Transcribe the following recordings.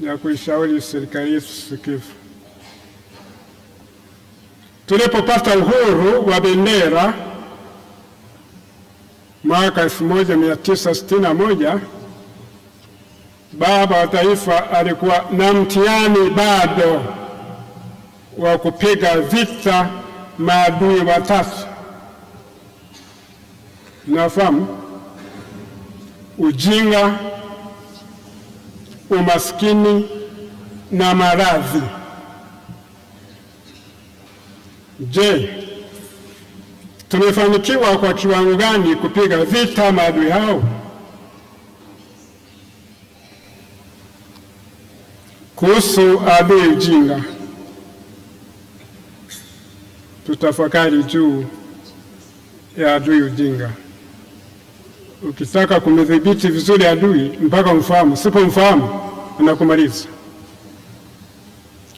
ya kuishauri serikali yetu sikivu. Tulipopata uhuru wa bendera mwaka 1961 baba wa taifa alikuwa na mtihani bado wa kupiga vita maadui watatu. Nafahamu ujinga umaskini na maradhi. Je, tumefanikiwa kwa kiwango gani kupiga vita maadui hao? Kuhusu adui ujinga, tutafakari juu ya adui ujinga. Ukitaka kumdhibiti vizuri adui mpaka umfahamu, usipomfahamu anakumaliza.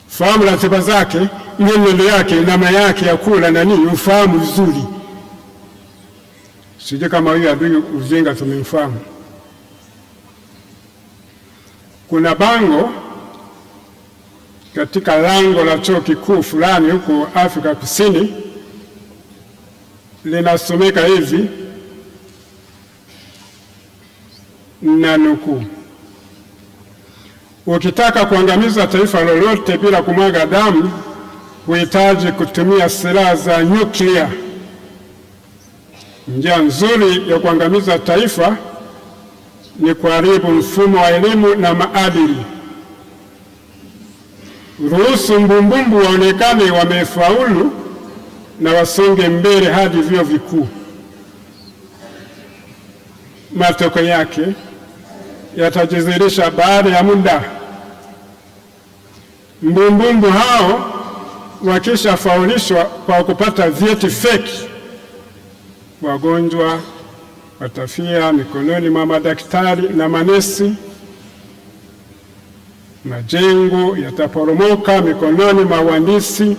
Fahamu ratiba zake, mwenendo yake, namna yake ya kula na nini, ufahamu vizuri. Sije kama huyo adui ujenga tumemfahamu. Kuna bango katika lango la chuo kikuu fulani huko Afrika Kusini linasomeka hivi na nukuu, ukitaka kuangamiza taifa lolote bila kumwaga damu huhitaji kutumia silaha za nyuklia. Njia nzuri ya kuangamiza taifa ni kuharibu mfumo wa elimu na maadili. Ruhusu mbumbumbu waonekane wamefaulu na wasonge mbele hadi vyuo vikuu. Matokeo yake yatajizirisha baada ya muda. Mbumbumbu hao wakishafaulishwa kwa kupata vyeti feki, wagonjwa watafia mikononi mwa madaktari na manesi. Majengo yataporomoka mikononi mwa wahandisi.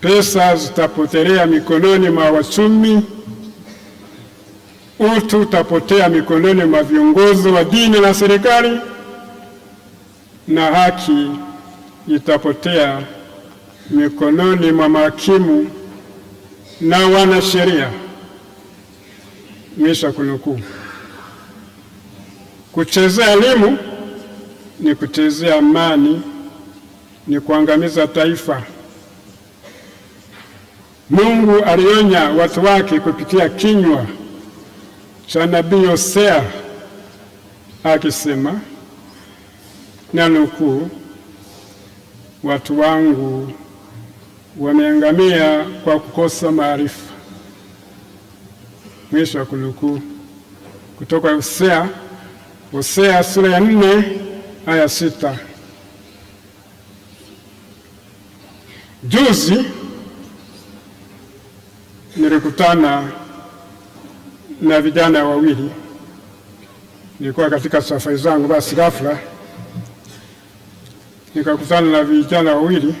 Pesa zitapotelea mikononi mwa wachumi utu utapotea mikononi mwa viongozi wa dini na serikali, na haki itapotea mikononi mwa mahakimu na wanasheria. Mwisho kunukuu. Kuchezea elimu ni kuchezea amani, ni kuangamiza taifa. Mungu alionya watu wake kupitia kinywa cha nabii Hosea akisema, na nukuu, watu wangu wameangamia kwa kukosa maarifa, mwisho wa kunukuu, kutoka Hosea Hosea sura ya nne aya sita. Juzi nilikutana na vijana wawili. Nilikuwa katika safari zangu, basi ghafla nikakutana na vijana wawili,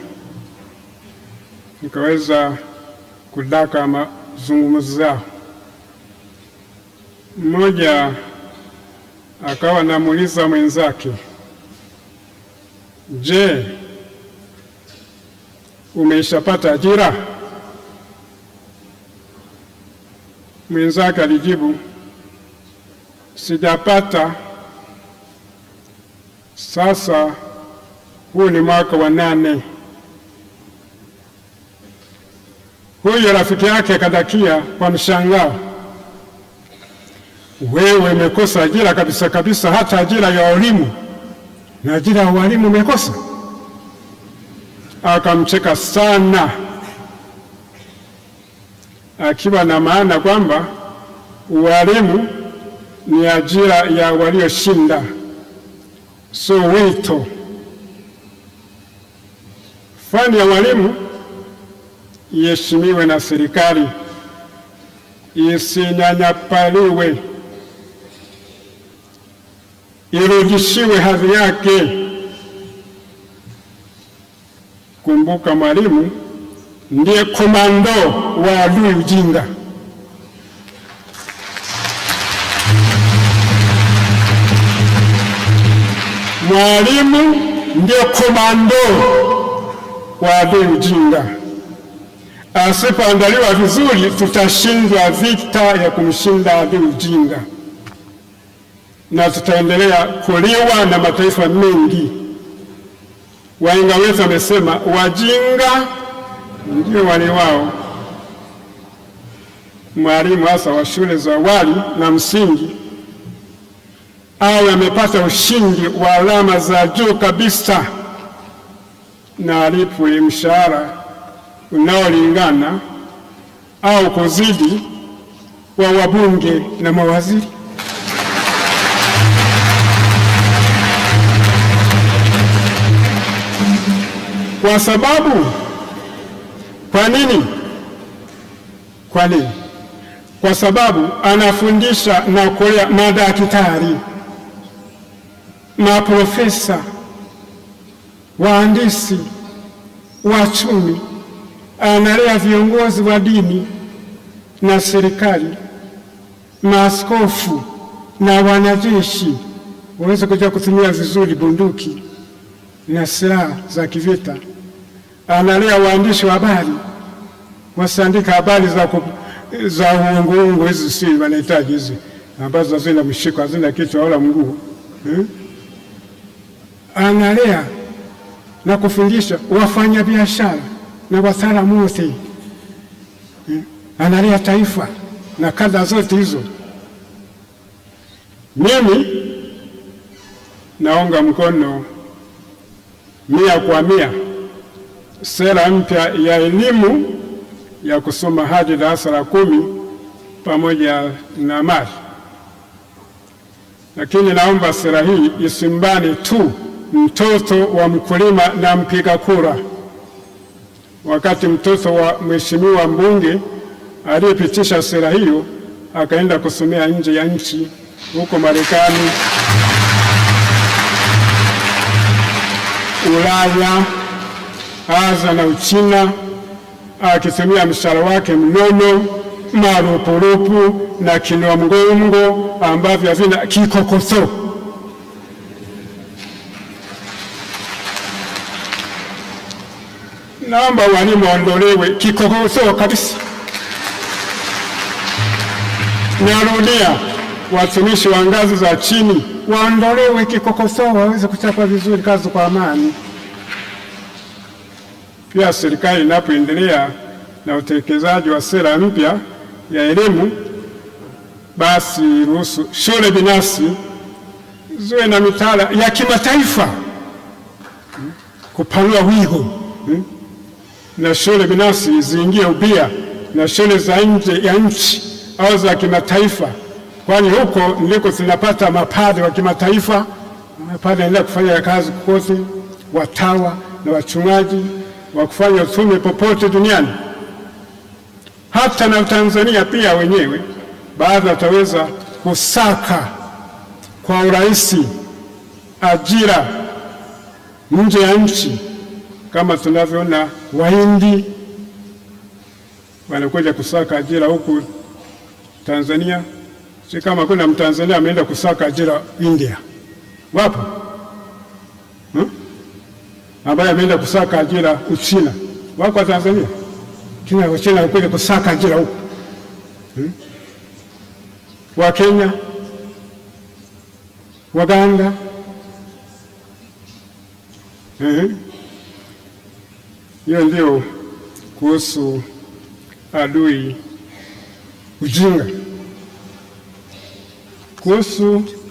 nikaweza kudaka mazungumzo yao. Mmoja akawa namuuliza mwenzake, je, umeshapata ajira? Mwenzake alijibu, sijapata. Sasa huu ni mwaka wa nane. Huyo rafiki yake akadakia kwa mshangao, wewe umekosa ajira kabisa kabisa, hata ajira ya walimu na ajira ya walimu umekosa? Akamcheka sana akiwa na maana kwamba ualimu ni ajira ya walioshinda, so wito. Fani ya walimu iheshimiwe na serikali, isinyanyapaliwe, irudishiwe hadhi yake. Kumbuka mwalimu ndiye komando wa adui ujinga. Mwalimu ndiye komando wa adui ujinga. Asipoandaliwa vizuri, tutashindwa vita ya kumshinda adui ujinga, na tutaendelea kuliwa na mataifa mengi. Waingereza wamesema wajinga Mjue wale wao mwalimu hasa wa shule za awali na msingi awe amepata ushindi wa alama za juu kabisa na alipwe mshahara unaolingana au kuzidi wa wabunge na mawaziri. Kwa sababu kwa nini? Kwa nini? Kwa sababu anafundisha na kulea madaktari, maprofesa, wahandisi, wachumi, analea viongozi wa dini na serikali, maaskofu na wanajeshi waweze kujua kutumia vizuri bunduki na silaha za kivita analea waandishi wa habari wasiandika habari za, za uunguungu. Hizi si wanahitaji hizi ambazo hazina mshiko hazina kichwa wala mguu eh? Analea na kufundisha wafanyabiashara na wataalamu wote eh? Analea taifa na kadha zote hizo. Mimi naonga mkono mia kwa mia sera mpya ya elimu ya kusoma hadi darasa la kumi pamoja na mali. Lakini naomba sera hii isimbane tu mtoto wa mkulima na mpiga kura, wakati mtoto wa mheshimiwa mbunge aliyepitisha sera hiyo akaenda kusomea nje ya nchi huko Marekani, Ulaya aza na Uchina akitumia mshahara wake mnono marupurupu na kinomgongo mgongo ambavyo havina kikokoso. Naomba walimu waondolewe kikokoso kabisa. Narudia, watumishi wa ngazi za chini waondolewe kikokoso, waweze kuchapa vizuri kazi kwa amani. Pia serikali inapoendelea na utekelezaji wa sera mpya ya elimu, basi ruhusu shule binafsi ziwe na mitaala ya kimataifa hmm, kupanua wigo, hmm, na shule binafsi ziingie ubia na shule za nje ya nchi au za kimataifa, kwani huko ndiko zinapata mapadre wa kimataifa. Mapadre wanaenda kufanya kazi kokote, watawa na wachungaji wa kufanya utume popote duniani, hata na Tanzania pia wenyewe baadhi wataweza kusaka kwa urahisi ajira nje ya nchi, kama tunavyoona Wahindi wanakuja kusaka ajira huku Tanzania. Si kama kuna Mtanzania ameenda kusaka ajira India, wapo ambaye ameenda kusaka ajira Uchina, wako wa Tanzania China, Uchina wanakuja kusaka ajira huko hmm? wa Kenya, Waganda hmm? hiyo hmm? Ndio kuhusu adui ujinga kuhusu